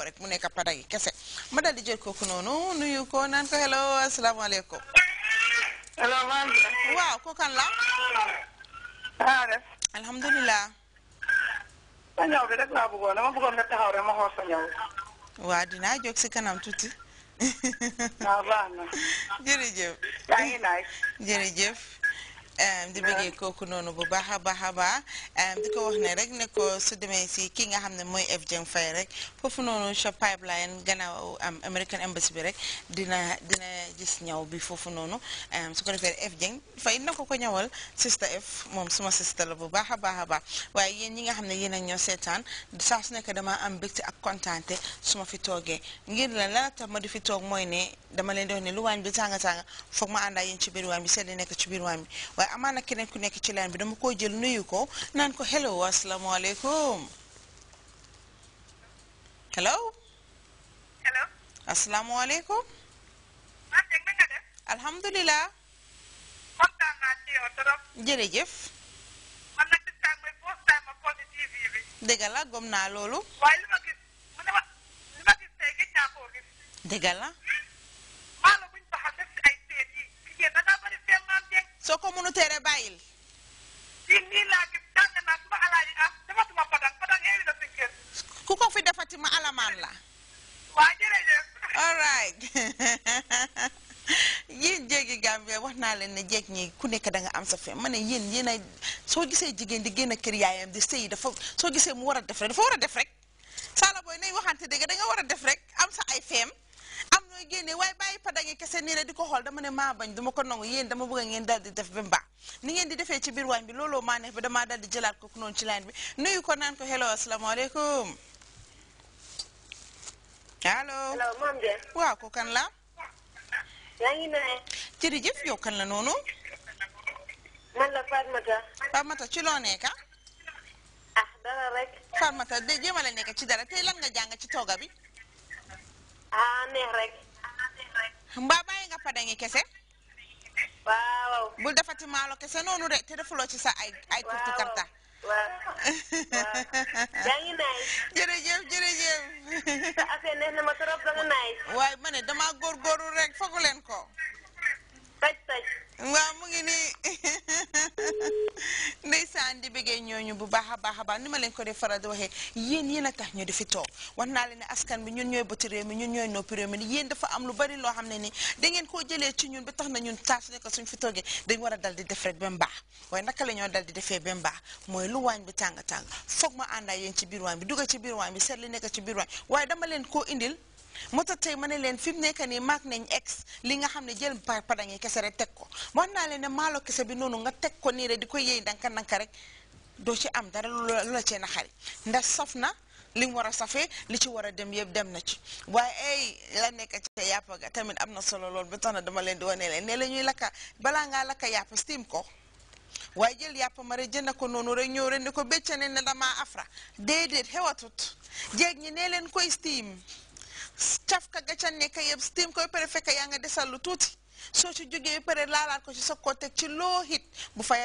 ko rek mu nekk pada gi kese ma daal di jël kooku noonu nuyu ko naan hello asalaamaaleykum. allo waaw ko kan la. maa ngi lay. sa ñaw bi rek laa bëggoon dama bëggoon nga taxaw rek ma xool sa ñaw. waa dinaa jóg si kanam tuuti. waaw ah, baax di ah. bëggee kooku noonu bu baax a baax a baax di ko wax ne rek ne ko su demee si kii nga xam ne mooy FGM Faye rek foofu noonu shop pipeline am American Embassy bi rek dina dina gis ñaw bi foofu noonu su ko defee FGM Faye na ko ko ñawal sista F moom suma sista la bu baax a baax a baax waaye yéen ñi nga xam ne yéen ak ñoo seetaan saa su nekk dama am bégte ak kontaante su ma fi toogee ngir la la tax ma di fi toog mooy ne dama leen di wax ne lu waañ bi tànga tànga foog ma àndaa yéen ci biir waañ bi seet nekk ci biir waañ bi amaana keneen ku nekk ci line bi dama koo jël nuyu ko naan ko hello asalaamaaleykum hello hello asalaamaaleykum ah, alhamdulilah kontaan naa ci jërëjëf man nag la gom loolu waaye la soo ko mënu teere bàyyil nii laa gis ah, ku ko fi defati ma alamaan la waa jërëjëf all right jéegi Gambia wax naa leen ne jeeg ñi ku nekk danga am sa fe ma ne yéen yéen a soo gisee jigéen di génn kër yaayam di sëy dafa soo gisee mu war a def rek dafa war a def rek saala booy nay waxante dëgg da nga war a def rek am sa ay feem génnee waaye bàyyi padange kese nii rek di ko xool dama ne maa bañ duma ko nangu yéen dama bëgg ngeen dal di def ba mbaa ni ngeen di defee ci biir waañ bi looloo ma neex bi damaa dal di jëlaat ko noonu ci line bi nuyu ko naan ko hello asalaamaaleykum allo allo waaw ko la yaa ngi ne jërëjëf yow kan la noonu man la Fatmata Fatmata ci loo nekk ah dara rek Fatmata de jéem a la ci dara tey lan nga jàng ci tooga bi ah neex rek mbaa bàyyi nga padangi kese. waaw. bul defati maalo kese noonu de te defuloo ci sa ay ay kurti karta. waaw waaw. jërëjëf jërëjëf. sa affaire neex na ma trop dama naay. waaye ma ne góor góorul rek fogu leen ko. bëggee ñooñu bu baax a baax a baax ni ma leen ko dee faral a tax ñu di fi toog wax naa leen ne askan bi ñun ñooy bëti réew mi ñun dañ war a dal def rek ba mu baax waaye naka la ñoo defee ba mu baax mooy lu waañ bi tàng-tàng foog ma àndaa yéen ci biir waañ bi dugga ci biir waañ bi seet li nekk ci biir waañ waaye dama leen koo indil moo tey ma ne leen fi mu nii maak nañ ex li nga xam ne jël padaŋi kese rek teg ko wax naa leen maalo kese bi noonu nga teg ko nii di ko yëy ndanka ndanka rek doo ci am dara lu la cee naxari ndax saf na li mu war a safee li ci war a dem yëpp dem na ci waaye ay la nekk ca yàpp ga tamit am na solo lool ba tax na dama leen di wane leen ne la ñuy lakka balaa ngaa lakka yàpp steam ko waaye jël yàpp ma rek jënd ko noonu rek ñëw rek ni ko bécca ne ne dama afra déedéet xewatut jeg ñi ne leen koy steam cafka ga ca nekk yëpp steam koy pare fekk yaa nga desal lu tuuti soo ci jógee pare laalaat ko ci sa ko ci loo hit bu fay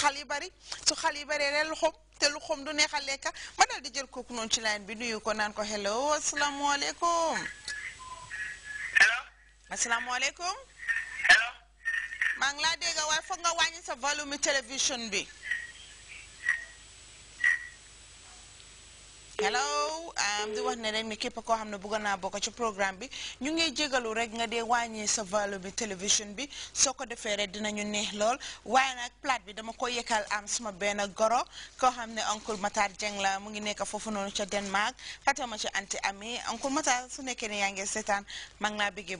xal yi bari su xal yi bari rek loxoom te loxoom du neex a lekka ma dal di jël kooku noonu ci line bi nuyu ko naan ko hello asalaamaaleykum. hello. asalaamaaleykum. hello. maa ngi laa dégg waaye foog nga wàññi sa volume télévision bi. hello di wax ne leen mi képp koo xam ne bëgg naa bokk ci programme bi ñu ngi jégalu rek nga dee wàññi sa valeur bi télévision bi soo ko defee rek dina ñu neex lool waaye nag plate bi dama ko yëkkal am suma benn goro koo xam ne oncle Matar Jeng mu ngi nekk foofu noonu bu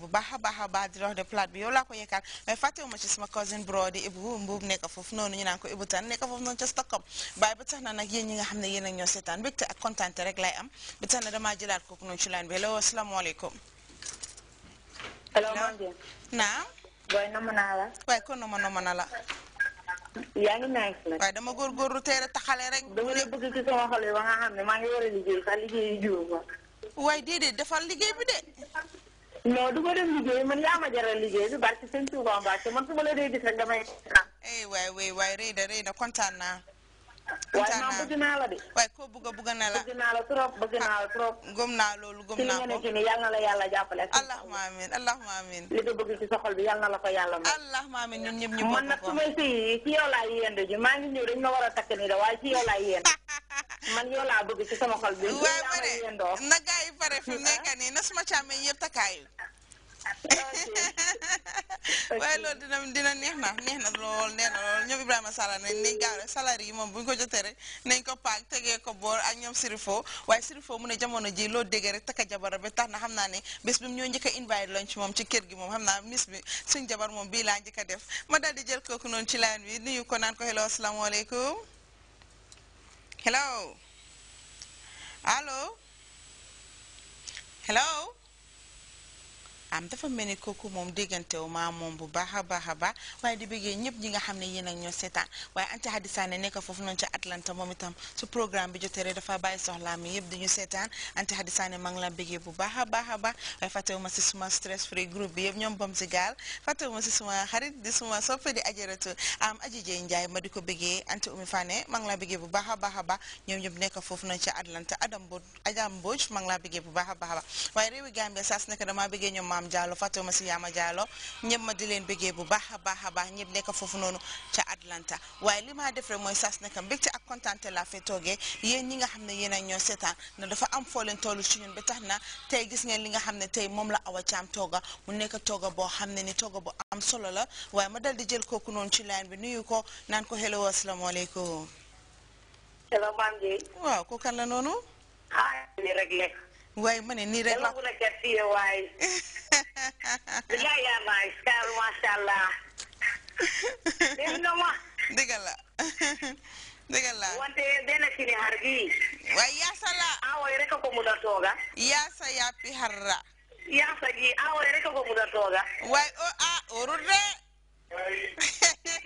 baax a baax a baax di wax de plate bi yow laa ko yëkkal mais fàttewuma ci suma cousin bro di Ibu Mbuub nekk foofu noonu ñu naan ko Ibu Tan nekk foofu noonu ca Stockholm baaye ba tax na nag yéen ñi nga xam ne yéen ak ñoo seetaan bégte ak kontaante rek lay am ba tax na jëlaat kooku noonu ci line bi allo asalaamaaleykum. allo naam. booy nama naa la. waaye kon nama nama na la. yaa dama góorgóorlu teel a taxale rek. dama la bëgg ci sama xol yi a liggéey ma. waaye déedéet defal liggéey bi de. non du ma liggéey man yaa ma jaral liggéey bi barke sëñ Tuuba Mbàkke man su ma la dee gis rek damay. eh waay waay waay rëy na rëy na kontaan waaye maam bëgg ko bëgg bëgg la bëgg la trop bëgg la trop Gum naa loolu gum naa ko ci yal na la yàlla jàppale allahumma amin allahumma amin li nga bëgg ci sa xol bi yal na la ko yàlla may allahumma amin ñun ñëpp ñu man nag su man bëgg ci sama xol bi na na suma waaye loolu dina dina neex na neex na lool neex na lool ñoom Ibrahima Sala nañ nañ gaaw rek salaire yi moom buñ ko jotee rek nañ ko paak tegee ko boor ak ñoom Sirifo waaye Sirifo mu ne jamono ji loo déggee rek takka jabar ba tax na xam naa ne bés bi mu ñoo njëkk a invite lunch moom ci kër gi moom xam naa miss bi suñ jabar moom bii laa njëkk a def ma daal di jël kooku noonu ci laan bi ñu ko naan ko hello asalaamaaleykum hello allo hello am dafa mel ni kooku moom déggantewu maa moom bu baax waaye di bëggee ñëpp ñi nga xam ne yéen ak ñoo seetaan waaye Anta Hadi Sané nekk foofu noonu ca Atlanta moom itam su programme bi jotee rek dafa bàyyi soxlaam yëpp di ñu seetaan Anta Hadi Sané maa ngi la bëggee bu baax a baax a baax waaye fàttewu ma si suma stress free groupe bi yëpp ñoom bom si gaal fàttewu ma si suma xarit di suma soppe di ajaratu am aji jey Njaay ma di ko bëggee Anta Umi Fane maa ngi la bëggee bu baax a baax a baax ñoom ñëpp nekk foofu noonu ca Atlanta Adam Mbodj Adam Mbodj maa ngi la bëggee bu baax a baax a saa su nekk dama bëggee ñoom maam Mariam Diallo Fatuma Siyama Diallo ñëpp ma di leen bëggee bu baax a baax a baax ñëpp nekk foofu noonu ca Atlanta waaye li ma def rek mooy sas naka mbégte ak kontaante laa fee toogee yéen ñi nga xam ne yéen a ñoo seetaan na dafa am foo leen toolu ci ba tax na tey gis ngeen li nga xam ne tey moom la awa caam tooga mu nekk tooga boo xam ne ni tooga bu am solo la waaye ma dal di jël kooku noonu ci line bi nuyu ko naan ko hello asalaamaaleykum. hello maam ji. waaw ku la noonu. ah rek lekk. waaye ma ne nii rek la mun a ket si yow la dégg la wante benn si ne xar bii waaye yaasa ko mun a tooga yaasa yaapi harra ji awooy rek ko mun a tooga o a orut de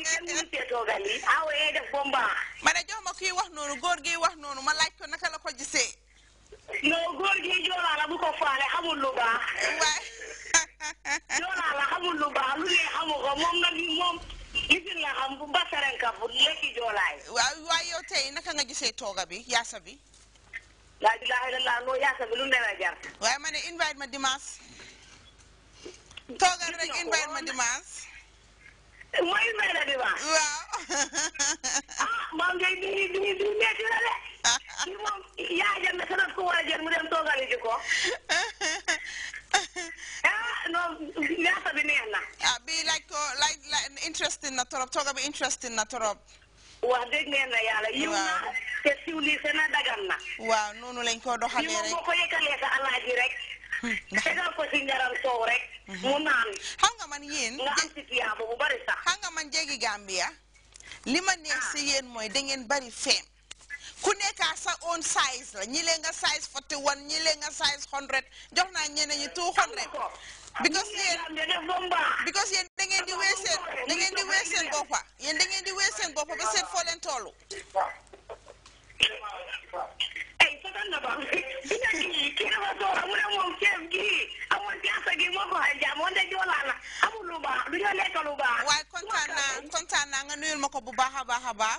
kenn mënu bomba ma ne jox ma kii wax noonu gi wax xamul lu baax. joolaa la xamul lu baax lu ne xamu ko moom nag moom gisin la xam bu basarenka bu lekki joolaay. waaw waaw yow tey naka nga gisee tooga bi yaasa bi. laa ilaaha illallaah loo yaasa bi lu ne la waaye ma ne invite ma dimanche. toogal rek invite ma dimanche. mooy invite la waaw. ah moom ngay bi bi bi metti na de. moom yaa jël na ko war a jël mu dem toogali ji ko. ñaata bi na. ah bii ko laaj na torop tooga bi interesting na torop. wax dëgg ngeen na yàlla yiw na te a dagan na. waaw noonu lañ ko doxalee rek moo ko rek. tegal ko si njaram soow rek. Mhm. mu naan. xam nga man yéen. nga am si tiyaabo bu bari sax. xam nga man jéggi Gambia. li ma neex si ah. yéen mooy da ngeen bari feem. ku nekkaa sa own size la ñi lee nga size forty one ñi lee nga size hundred jox naa ñeneen ñi two hundred because yéen because yéen da ngeen di weeseen da ngeen di weeseen boppa ah. yéen da ngeen di weeseen boppa ba seet foo leen toolu waaye kontaan naa kontaan naa nga nuyul ma ko bu baax a baax a baax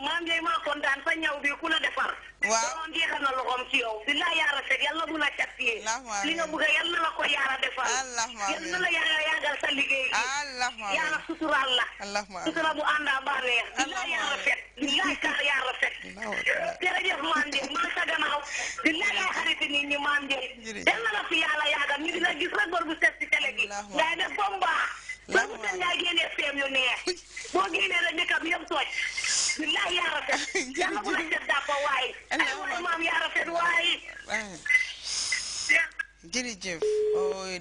maam yooyu maa kontaan sa ñaw bi ku la defar. waaw doon jeexal na loxoom ci yow. di laa yaara set yàlla bu la cat li nga bëgg yàlla la ko yaara defar. yàlla na la yaara yàggal sa liggéey gi. yaara suturaal la. sutura bu ànd a bànneex. di laa yaara set. di laa kaar yaara set. jërëjëf maam Ndiaye maa sa gannaaw. di xarit nit ñi maam Ndiaye. yal na la fi yàlla yàggal dina gis rek góor bu set ci télé gi. ngay def ba mu bu set ngay génnee feem yu neex. boo génnee rek nekkam yëpp toj billahi yaa yaa rafet waaye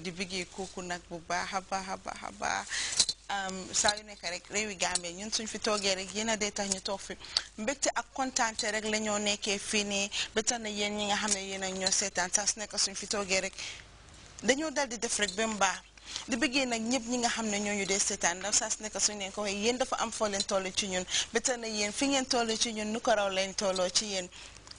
di bëggee kooku nag bu baax a baax a baax a nekk rek réewi Gambie ñun suñ fi toogee rek yéen a dee tax ñu toog fi mbégte ak kontaante rek lañoo nekkee fii nii ba na yéen ñi nga xam ne yéen a ñoo seetaan saa su nekk suñ fi toogee rek dañoo dal di def rek ba mu baax di bëggee nag ñëpp ñi nga xam ne ñooñu dee seetaan ndax saa su nekk suñ leen ko waxee yéen dafa am foo leen toll ci ñun ba na yéen fi ngeen toll ci ñun nu ko raw leen tolloo ci yéen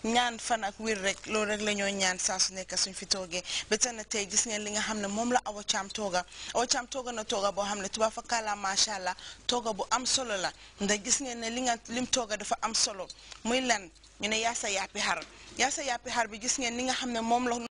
ñaan fan ak wér rek loolu rek la ñoo ñaan saa su nekk suñ fi toogee ba tey na tey gis ngeen li nga xam ne moom la Awa Caam tooga Awa Caam tooga na tooga boo xam ne tubaab fa kàllaa macha allah tooga bu am solo la ndax gis ngeen ne li nga lim tooga dafa am solo muy lan ñu ne yaasa yàppi gis ngeen li nga xam ne moom la